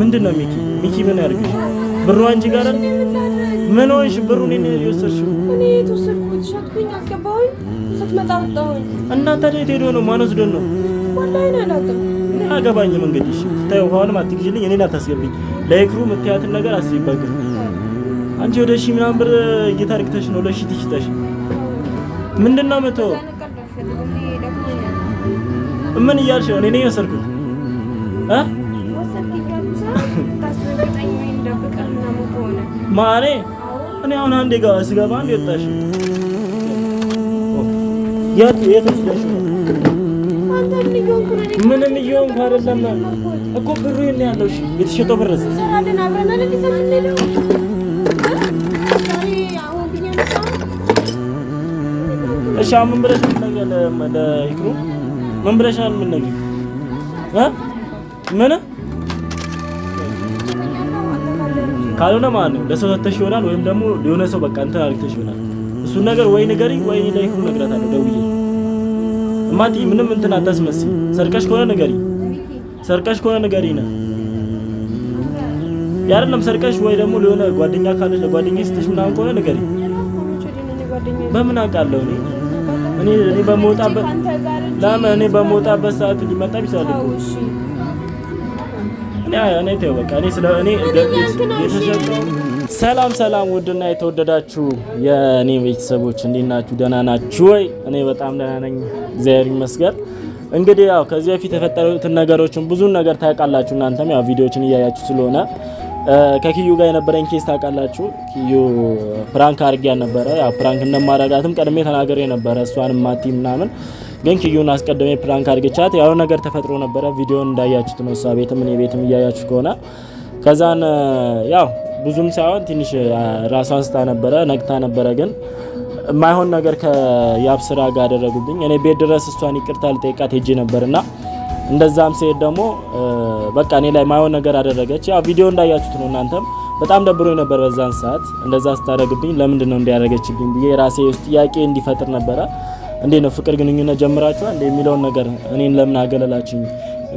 ምንድን ነው ሚኪ? ሚኪ ምን ያርግሽ? ብሩ አንቺ ጋር አይደል? ምን ሆንሽ? ብሩ እኔ የወሰድሽው። እኔ የተወሰድኩት ሄዶ ነው? ማን ወስዶን ነው? ወላሂ ነው አላውቅም። ተይው፣ ውሃውንም አትግዢልኝ፣ እኔን አታስገብኝ። ለይክሩ የምትያትን ነገር አስቢበት። አንቺ ወደ ሺ ምናምን ብር ጌታ አድርግተሽ ነው ለሺህ ትሽጠሽ ምንድን ነው መቶ ምን እያልሽ ነው? እኔ ነኝ የወሰድኩት እ ማሬ እኔ አሁን አንዴ ጋር ስገባ አንዴ ወጣሽ። የት የት ወስደሽ ምንም እየሆንኩ አይደለም እኮ ብሩ ይሄን ያለው እሺ፣ የተሸጠው ብር እሺ። ምን ብለሽ ምን ብለሻል? ምን ምን ካልሆነ ማለት ነው ለሰው ሰተሽ ይሆናል፣ ወይም ደግሞ የሆነ ሰው በቃ እንትን አድርግተሽ ይሆናል። እሱን ነገር ወይ ንገሪኝ ወይ ላይ ሁሉ እነግራታለሁ ደውዬ። እማቲ ምንም እንትን አታስመስይ። ሰርቀሽ ከሆነ ንገሪኝ፣ ሰርቀሽ ከሆነ ንገሪኝ ነው ያረለም ሰርቀሽ ወይ ደግሞ ለሆነ ጓደኛ ካለሽ ለጓደኛ ስትሽ ምናምን ከሆነ ነገር በምን አውቃለሁ እኔ እኔ እኔ በመውጣበት ለምን እኔ በመውጣበት ሰዓት ሊመጣ ይችላል እኮ ሰላም ሰላም፣ ውድና የተወደዳችሁ የእኔ ቤተሰቦች እንዴት ናችሁ? ደህና ናችሁ ወይ? እኔ በጣም ደህና ነኝ፣ እግዚአብሔር ይመስገን። እንግዲህ ያው ከዚህ በፊት የተፈጠሩትን ነገሮችን ብዙ ነገር ታውቃላችሁ። እናንተም ያው ቪዲዮዎችን እያያችሁ ስለሆነ ከኪዩ ጋር የነበረኝ ኬስ ታውቃላችሁ። ኪዩ ፕራንክ አድርጊያ ነበረ። ያው ፕራንክ እንደማረጋትም ቀድሜ ተናገሬ ነበረ እሷንም ማቲ ምናምን ግን ኪዩን አስቀድሜ ፕራንክ አድርግቻት ያው ነገር ተፈጥሮ ነበረ። ቪዲዮን እንዳያችሁት ነው። እሷ ቤትም እኔ ቤትም እያያችሁ ከሆነ ከዛን ያው ብዙም ሳይሆን ትንሽ ራሷን ስታ ነበረ፣ ነግታ ነበረ ግን የማይሆን ነገር ከያብ ስራ ጋር አደረጉብኝ። እኔ ቤት ድረስ እሷን ይቅርታ ልጠይቃት ሄጄ ነበርና እንደዛም ሲሄድ ደግሞ በቃ እኔ ላይ ማይሆን ነገር አደረገች። ያው ቪዲዮ እንዳያችሁት ነው። እናንተም በጣም ደብሮ ነበር በዛን ሰዓት። እንደዛ ስታደረግብኝ ለምንድን ነው እንዲያደረገችብኝ ብዬ ራሴ ውስጥ ጥያቄ እንዲፈጥር ነበረ። እንዴት ነው ፍቅር ግንኙነት ጀምራችኋል እንዴ የሚለውን ነገር እኔን ለምን አገለላችሁኝ?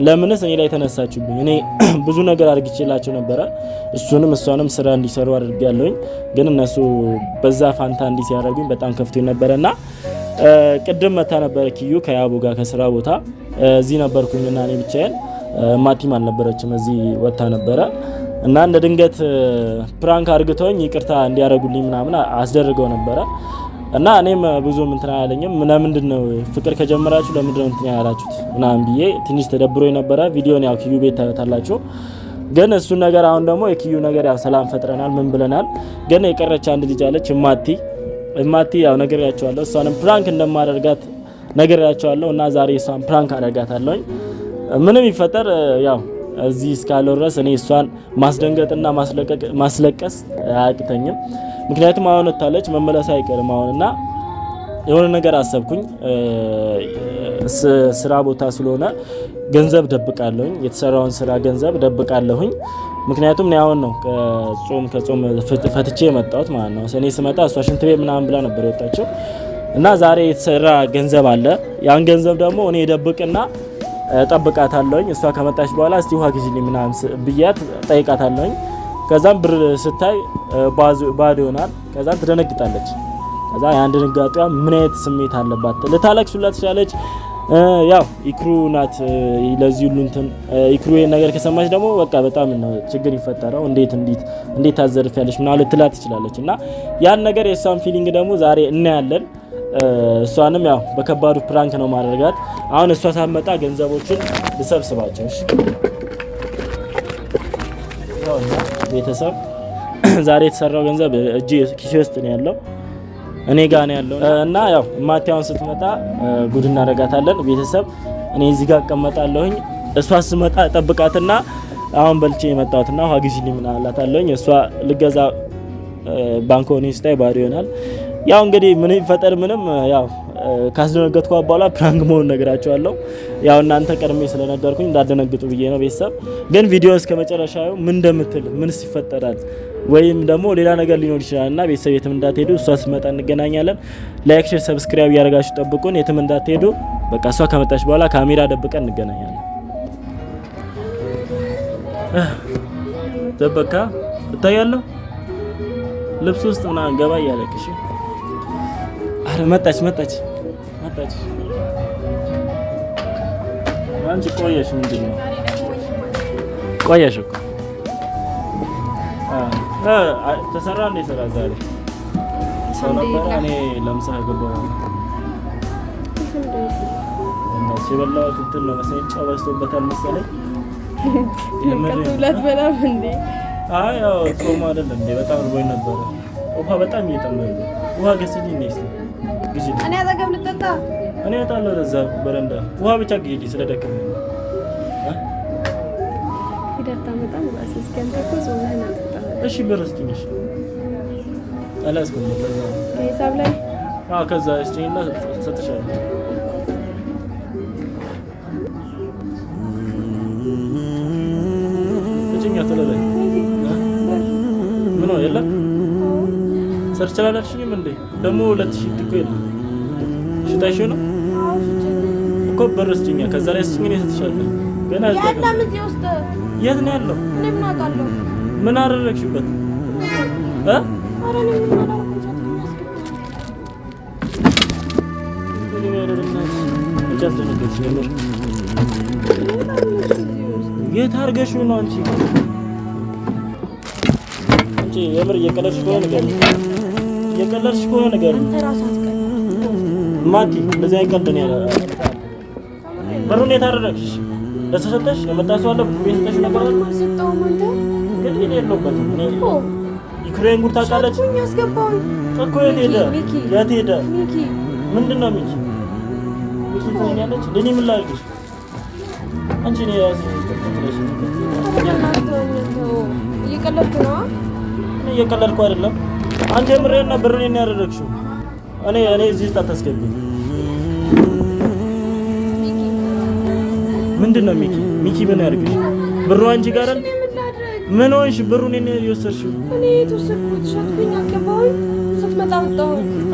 ለምንስ እኔ ላይ ተነሳችሁብኝ? እኔ ብዙ ነገር አድርግችላቸው ነበረ። እሱንም እሷንም ስራ እንዲሰሩ አድርጌያለሁኝ። ግን እነሱ በዛ ፋንታ እንዲ ሲያደርጉኝ በጣም ከፍቶ ነበረና ቅድም መታ ነበረ ኪዩ ከያቡ ጋር ከስራ ቦታ እዚህ ነበርኩኝና እኔ ብቻዬን ማቲም አልነበረችም እዚህ ወታ ነበረ እና እንደ ድንገት ፕራንክ አርግተውኝ ይቅርታ እንዲያደርጉልኝ ምናምን አስደርገው ነበረ እና እኔም ብዙም እንትን አላለኝም። ለምንድን ነው ፍቅር ከጀመራችሁ ለምንድን ነው እንትን ያላችሁት ምናምን ብዬ ትንሽ ተደብሮ የነበረ ቪዲዮን ያው ኪዩ ቤት ታላችሁ ግን እሱን ነገር አሁን ደግሞ የኪዩ ነገር ያው ሰላም ፈጥረናል፣ ምን ብለናል። ግን የቀረች አንድ ልጅ አለች እማቲ እማቲ ያው ነግሬያቸዋለሁ። እሷንም ፕራንክ እንደማደርጋት ነግሬያቸዋለሁ። እና ዛሬ እሷን ፕራንክ አደርጋታለሁኝ። ምንም ይፈጠር ያው እዚህ እስካለው ድረስ እኔ እሷን ማስደንገጥና ማስለቀስ አያቅተኝም። ምክንያቱም አሁን ታለች መመለስ አይቀርም አሁን እና የሆነ ነገር አሰብኩኝ። ስራ ቦታ ስለሆነ ገንዘብ ደብቃለሁኝ፣ የተሰራውን ስራ ገንዘብ ደብቃለሁኝ። ምክንያቱም እኔ አሁን ነው ከጾም ከጾም ፈትቼ የመጣሁት ማለት ነው። እኔ ስመጣ እሷ ሽንት ቤት ምናምን ብላ ነበር የወጣቸው እና ዛሬ የተሰራ ገንዘብ አለ። ያን ገንዘብ ደግሞ እኔ ደብቅና ጠብቃታለሁኝ። እሷ ከመጣች በኋላ እስቲ ውሃ ግዢልኝ ምናምን ብያት ጠይቃታለሁኝ። ከዛም ብር ስታይ ባዶ ይሆናል። ከዛ ትደነግጣለች። ከዛ ያን ድንጋጤዋ ምን አይነት ስሜት አለባት ልታለቅሱላት ትችላለች። ያው ኢክሩ ናት ለዚህ ሁሉ እንትን ኢክሩ ይሄን ነገር ከሰማች ደግሞ በቃ በጣም ነው ችግር ይፈጠረው። እንዴት እንዴት እንዴት ታዘርፊያለች ምናምን ትላት ትችላለች። እና ያን ነገር የእሷን ፊሊንግ ደግሞ ዛሬ እናያለን። እሷንም ያው በከባዱ ፕራንክ ነው ማደርጋት አሁን እሷ ሳትመጣ ገንዘቦችን ልሰብስባቸው። ቤተሰብ ዛሬ የተሰራው ገንዘብ እጅ ኪሴ ውስጥ ነው ያለው እኔ ጋ ነው ያለው እና ያው እማቴያውን ስትመጣ ጉድ እናደርጋታለን ቤተሰብ። እኔ እዚህ ጋር እቀመጣለሁኝ እሷ ስትመጣ ጠብቃትና አሁን በልቼ የመጣሁትና ውሃ ግዢልኝ ምናምን እሷ ልገዛ ባንክ ሆኔ ስታይ ባዶ ይሆናል። ያው እንግዲህ ምን ይፈጠር ምንም ያው ካስደነገጥኩ በኋላ ፕራንክ መሆን ነገራቸዋለሁ። ያው እናንተ ቀድሜ ስለነገርኩኝ እንዳደነግጡ ብዬ ነው። ቤተሰብ ግን ቪዲዮ እስከ መጨረሻው ምን እንደምትል ምንስ ይፈጠራል ወይም ደግሞ ሌላ ነገር ሊኖር ይችላል እና ቤተሰብ የትም እንዳትሄዱ። እሷ ስትመጣ እንገናኛለን። ላይክ፣ ሼር፣ ሰብስክራይብ እያደረጋችሁ ጠብቁን። የትም እንዳትሄዱ። በቃ እሷ ከመጣች በኋላ ካሜራ ደብቀን እንገናኛለን። ደበካ እታያለሁ ልብስ ውስጥ ምናምን ገባ እያለክሽ። አረ መጣች መጣች መጣች። አንቺ ቆየሽ፣ ምንድን ነው ቆየሽ? እኮ ተሰራ እንደ ስራ ዛሬ እኔ ለምሳ ገባሁ። የበላሁት እንትን ነው መሰለኝ፣ ጨው በዝቶበታል መሰለኝ። ከስብላት በላም እንዴ? አይ ያው ጾም አይደለም እንዴ? በጣም እርቦኝ ነበረ። ውሃ በጣም እየጠመመኝ ውሃ ገዝቼ ነው እኔ እወጣለሁ ለዛ በረንዳ ውሃ ብቻ ግዢልኝ ስለደከመኝ እሺ ብር እስኪኝ ከዛ እስኪኝና ሰጥሻለሁ ምን ነው የለም ሰርች ላላልሽኝም እንዴ ደግሞ ሁለት ሺህ የለም ስታሽ ነው እኮ ብር ስጭኛ። ከዛ ላይ ስጭኝ ነው ሰጥሻለሁ። ገና የት ነው ያለው? ምን አደረግሽበት? የት አድርገሽው ነው አንቺ? የምር እየቀለድሽ ከሆነ ንገሪኝ። እየቀለድሽ ከሆነ ንገሪኝ። ማቲ እንደዚህ አይቀልደን ያለ ብሩ እንዴት አደረግሽ? ለተሰጠሽ የመጣ ሰው አለ ነበር ግን እኔ የለሁበትም ዩክሬን ጉድ ታውቃለች እኮ። የት ሄደ? የት ሄደ? ምንድን ነው ሚኪ? ሚኪ ያለች ለእኔ ምን ላድርግሽ? አንቺ እኔ እየቀለድኩ ነው። እየቀለድኩ አይደለም። አንቺ የምሬን ነው። ብሩን ያደረግሽው እኔ እኔ እዚህ ውስጥ አታስገቢኝ። ምንድን ነው ሚኪ ሚኪ ምን ያድርግሽ? ብሩ አንቺ ጋር ምን ሆንሽ? ብሩን እኔ የወሰድሽው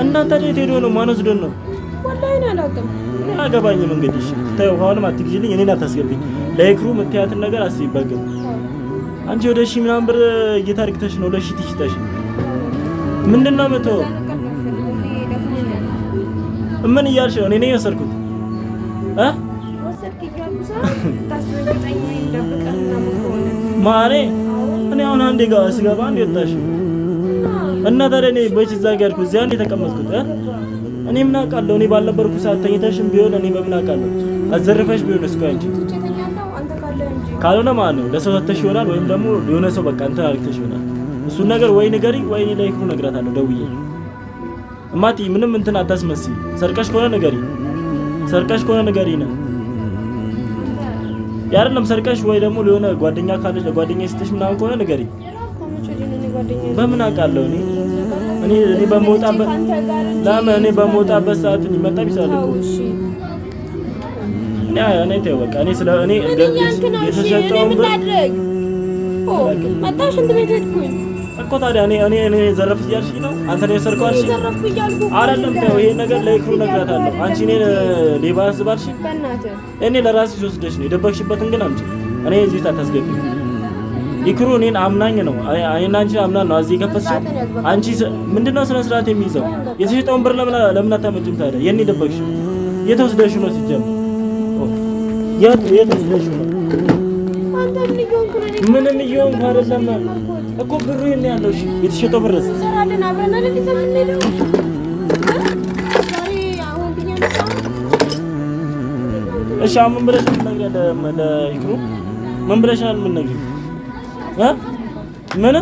እናንተ ዴት ሄዶ ነው? ማን ወስዶን ነው? ወላሂ አላውቅም። አያገባኝም። እንግዲህ ተይው፣ አሁንም አትግዢልኝ፣ እኔን አታስገቢኝ። ለይክሩ የምትያትን ነገር አስቢበት ግን አንቺ ወደ ሺህ ምናምን ብር እየታርግተሽ ነው ለሺህ ትሽጠሽ ምንድን ነው የምትሆን ምን እያልሽ ነው? እኔ ነኝ የወሰድኩት ማሬ እኔ አሁን አንዴ ጋር ስገባ አንዴ ወጣሽ እና ታዲያ እኔ በች እዛ ጋር ያልኩት እዚያ አንዴ ተቀመጥኩት። እኔ ምን አውቃለሁ? እኔ ባልነበርኩ ሰዓት ተኝተሽም ቢሆን እኔ በምን አውቃለሁ? አዘርፈሽ ቢሆን እስኪ አንቺ ካልሆነ ማለት ነው ለሰው ሰተሽ ይሆናል፣ ወይም ደግሞ የሆነ ሰው በቃ እንትን አድርግተሽ ይሆናል። እሱን ነገር ወይ ንገሪ ወይ ላይ ክፉ እነግራታለሁ ደውዬ እማቲ ምንም እንትን አታስመሲ። ሰርቀሽ ከሆነ ንገሪ፣ ሰርቀሽ ከሆነ ንገሪ ነው ያረለም። ሰርቀሽ ወይ ደግሞ ለሆነ ጓደኛ ካለሽ ጓደኛ ስትሽ ምናምን ከሆነ ንገሪ። በምን አውቃለሁ እኔ እኔ እኔ በመውጣበት ለምን እኔ በመውጣበት ሰዓት ሊመጣ ይችላል እኔ እኔ ተይው በቃ እኔ ስለ እኔ የተሰጠውን ብር መጣሽ እንትን ቤት ሄድኩኝ እኮ ታዲያ እኔ እኔ እኔ ዘረፍ እያልሽኝ ነው አንተ ነው የሰርቀው አልሽኝ? አይደለም ተው፣ ይሄን ነገር ለይክሩ እነግራታለሁ። አንቺ እኔን ሌባ ያስባልሽ? እኔ ለራስሽ ወስደሽ ነው የደበቅሽበትን ግን አንቺ እኔ እዚህ ታታስገቢ ይክሩ እኔን አምናኝ ነው እኔና አንቺ አምናን ነው እዚህ የከፈትሽው። አንቺ ምንድነው ስነ ስርዓት የሚይዘው? የተሸጠውን ብር ለምን ለምን አታመጭም ታዲያ? የኔ ደበቅሽ የት ወስደሽ ነው ሲጀምር? የት የት ወስደሽ ነው? ምንም እየሆንኩ አይደለም እኮ ብሩ ይሄን ያለው እሺ፣ የተሸጠው ብር እንሰራለን አብረን አይደል? ይዘን የምንሄደው ዛሬ አሁን ብኛ እሺ። አሁን ምን ብለሽ ለይክሩ ምን ብለሻል? ምን ነገር እ ምን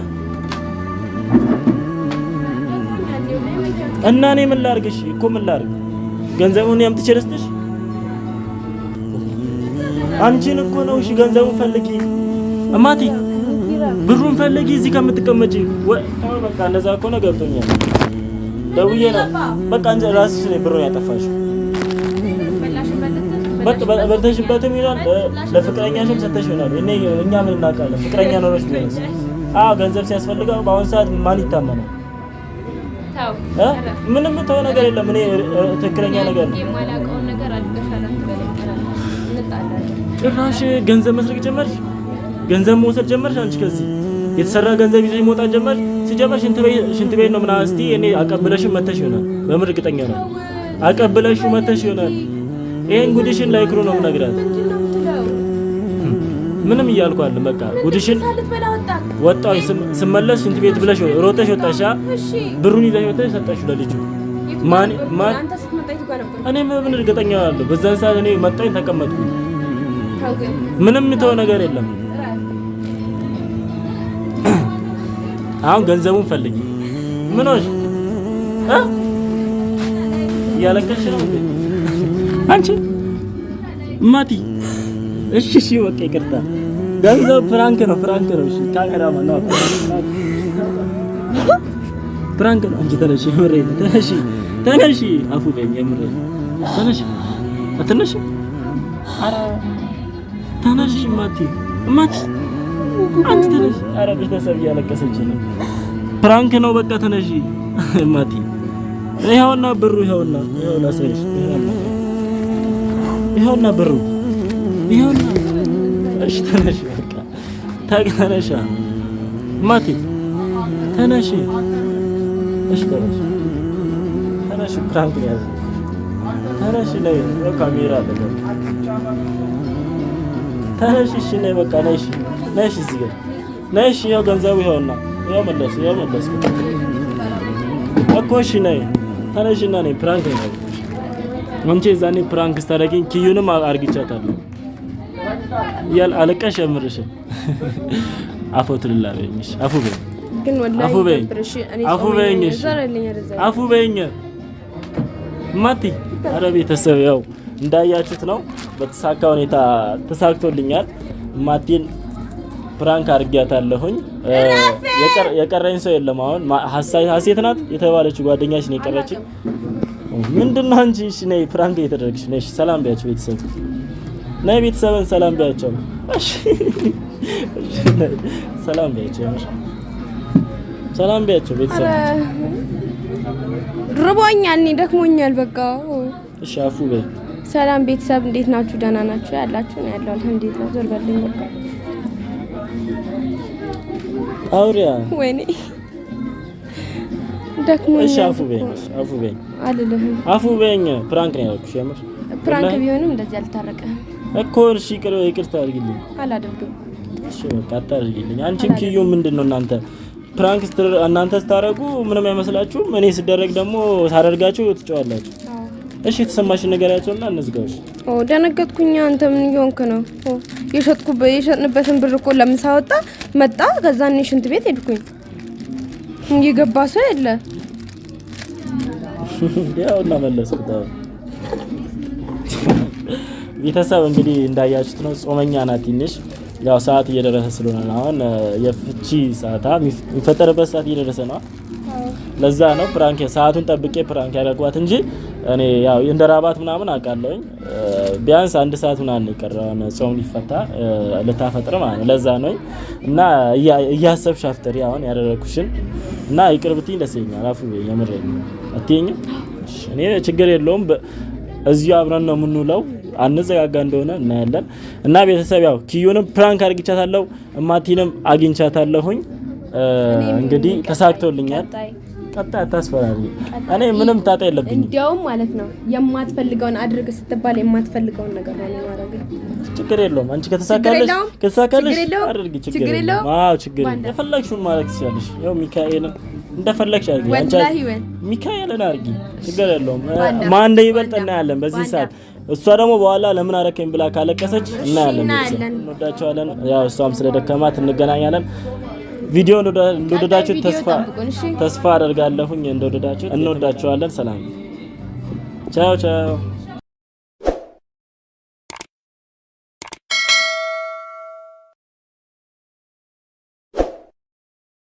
እና እኔ ምን ላድርግ? እሺ እኮ ምን ላድርግ? ገንዘቡን እኔ ልስጥሽ? አንቺን እኮ ነው። እሺ ገንዘቡን ፈልጊ እማቴ ብሩን ፈለጊ እዚህ ከምትቀመጪ። በቃ እንደዛ ከሆነ ገብቶኛል። ደውዬ ነው በቃ ራስሽ ላይ ብሩን ያጠፋሽው በልተሽበትም ይሆናል ለፍቅረኛሽም ሰተሽ ይሆናል። እኔ እኛ ምን እናውቃለን? ፍቅረኛ ኖሮች ቢሆንስ? አዎ ገንዘብ ሲያስፈልገው በአሁኑ ሰዓት ማን ይታመናል? ምንም ተው ነገር የለም። እኔ ትክክለኛ ነገር ነው። ነገር ጭራሽ ገንዘብ መስረቅ ጀመርሽ? ገንዘብ መውሰድ ጀመርሽ አንቺ ከዚህ የተሰራ ገንዘብ ይዘሽ መውጣት ጀመርሽ። ሲጀመር ሽንት ቤት ነው ምናምን እስቲ እኔ አቀብለሽ መተሽ ይሆናል። በምር እርግጠኛ ነው አቀብለሽ መተሽ ይሆናል። ይሄን ጉድሽን ላይክሮ ነው የምነግራት። ምንም እያልኩ አለ በቃ ጉድሽን ወጣሁ። ስመለስ ሽንት ቤት ብለሽ ሮጠሽ ወጣሻ። ብሩን ይዘሽ ወጣሽ ሰጠሽው ለልጁ ማን ማን እኔ ምን እርግጠኛ አለሁ። በዛን ሰዓት እኔ መጣኝ ተቀመጥኩ። ምንም የተወ ነገር የለም። አሁን ገንዘቡን ፈልጊ። ምን ሆነሽ እ እያለቀሽ ነው አንቺ ማቲ? እሺ እሺ፣ በቃ ይቅርታ። ገንዘብ ፍራንክ ነው፣ ፍራንክ ነው። እሺ ካሜራማ ነው፣ ፍራንክ ነው። አንቺ ተነሽ፣ የምሬ ተነሽ፣ ተነሽ። አፉ በይኝ፣ የምሬ ተነሽ፣ አትነሽ። ኧረ ተነሽ ማቲ፣ ማቲ አንቺ ትንሽ ኧረ ቤተሰብ እያለቀሰች ነው። ፕራንክ ነው በቃ ተነሺ ማቲ። ይኸውና ብሩ ይኸውና ይኸውና ሰይሽ ይኸውና ብሩ ይኸውና። እሺ ተነሺ በቃ ተነሺ ማቲ ተነሺ። እሺ ተነሺ ፕራንክ ነው ያዘ ተነሽ ነይ ካሜራ አለ ተነሽ። እሺ ነይ በቃ ነይ። ነሽ እዚህ ግን ነሽ። ይኸው ገንዘቡ ይኸውና፣ ይኸው መለስ፣ ይኸው መለስ እኮ እሺ። ነይ ተነሽና ነይ። ፕራንክ ነው አንቺ የዛኔ ፕራንክ ስታደርጊኝ ኪዩንም አርግቻታለሁ። ያል አለቀሽ የምርሽ አፎ ትልላ በኝሽ አፉ በኝ አፉ በኝ አፉ በኝ አፉ በኝ ማቲ ኧረ ቤተሰብ ያው እንዳያችሁት ነው። በተሳካ ሁኔታ ተሳክቶልኛል ማቲን ፕራንክ አድርጊያታለሁኝ። የቀረኝ ሰው የለም። አሁን ሀሴት ናት የተባለችው ጓደኛሽ ነው የቀረችኝ። ምንድነው አንቺ? እሺ ነይ፣ ፕራንክ እየተደረግሽ ነሽ። ሰላም ቢያቸው ቤተሰብ፣ ነይ ቤተሰብን ሰላም ቢያቸው። ሰላም ቢያቸው፣ ሰላም ቢያቸው ቤተሰብ። ርቦኛል፣ እኔ ደክሞኛል። በቃ እሺ፣ አፉ በይ። ሰላም ቤተሰብ፣ እንዴት ናችሁ? ደህና ናችሁ? ያላችሁ ነው ያለው። አልሐምዱሊላህ። ዞር በልኝ በቃ አውሪያ ወይኔ ደክሞ እሺ፣ አፉ በይኝ፣ አፉ በይኝ አልልህም፣ አፉ በይኝ። ፕራንክ ነው ያልኩሽ። የምር ፕራንክ ቢሆንም እንደዚህ አልታረቀህም እኮ። እሺ፣ ይቅርታ አድርጊልኝ። አላደርግም። እሺ፣ በቃ አታድርጊልኝ። አንቺም ኪዩ ምንድን ነው እናንተ ፕራንክ እናንተ ስታረጉ ምንም አይመስላችሁም። እኔ ስደረግ ደግሞ ሳደርጋችሁ ትጨዋላችሁ። እሺ፣ የተሰማሽን ነገር ያቸውና እንዝጋዎች ደነገጥኩኝ። አንተ ምን እየሆንክ ነው? የሸጥኩ የሸጥንበትን ብር እኮ ለምሳ ወጣ መጣ። ከዛ እኔ ሽንት ቤት ሄድኩኝ። እየገባ ሰው የለ። ያው እናመለስኩት። ቤተሰብ እንግዲህ እንዳያችሁት ነው። ጾመኛ ናት ትንሽ ያው ሰዓት እየደረሰ ስለሆነ አሁን የፍቺ ሰዓታ የሚፈጠርበት ሰዓት እየደረሰ ነው። ለዛ ነው ፕራንክ ሰዓቱን ጠብቄ ፕራንክ ያደርጓት እንጂ እኔ ያው እንደ ራባት ምናምን አውቃለሁኝ። ቢያንስ አንድ ሰዓት ምናምን የቀረውን ጾም ሊፈታ ልታፈጥር ማለት ነው። ለዛ ነው እና እያሰብሽ አፍጥሪ አሁን ያደረግኩሽን እና ይቅር ብትይኝ ደስ ይለኛል። አፉ የምር አትይኝም? እኔ ችግር የለውም። እዚሁ አብረን ነው የምንውለው። አንዘጋጋ እንደሆነ እናያለን። እና ቤተሰብ ያው ኪዩንም ፕራንክ አድርግቻታለሁ፣ እማቲንም አግኝቻታለሁኝ። እንግዲህ ተሳክቶልኛል። ጠጣ አታስፈራሪ። እኔ ምንም ጣጣ የለብኝ። እንዲያውም ማለት ነው የማትፈልገውን አድርግ ስትባል የማትፈልገውን ነገር ነው የማደርገው። ችግር የለውም። አንቺ ከተሳካለሽ ከተሳካለሽ አድርጊ። ችግር የለውም። አዎ ችግር የለውም። የፈለግሽውን ማለት ትችያለሽ። ያው ሚካኤል እንደፈለግሽ አድርጊ። ወላሂ ሚካኤልን አድርጊ። ችግር የለውም። ማን እንደሚበልጥ እናያለን በዚህ ሰዓት እሷ ደግሞ በኋላ ለምን አረከኝ ብላ ካለቀሰች እናያለን። እንወዳቸዋለን። ያው እሷም ስለደከማት እንገናኛለን። ቪዲዮ እንደወደዳችሁ ተስፋ አደርጋለሁኝ። እንደወደዳችሁ እንወዳችኋለን። ሰላም ቻው ቻው።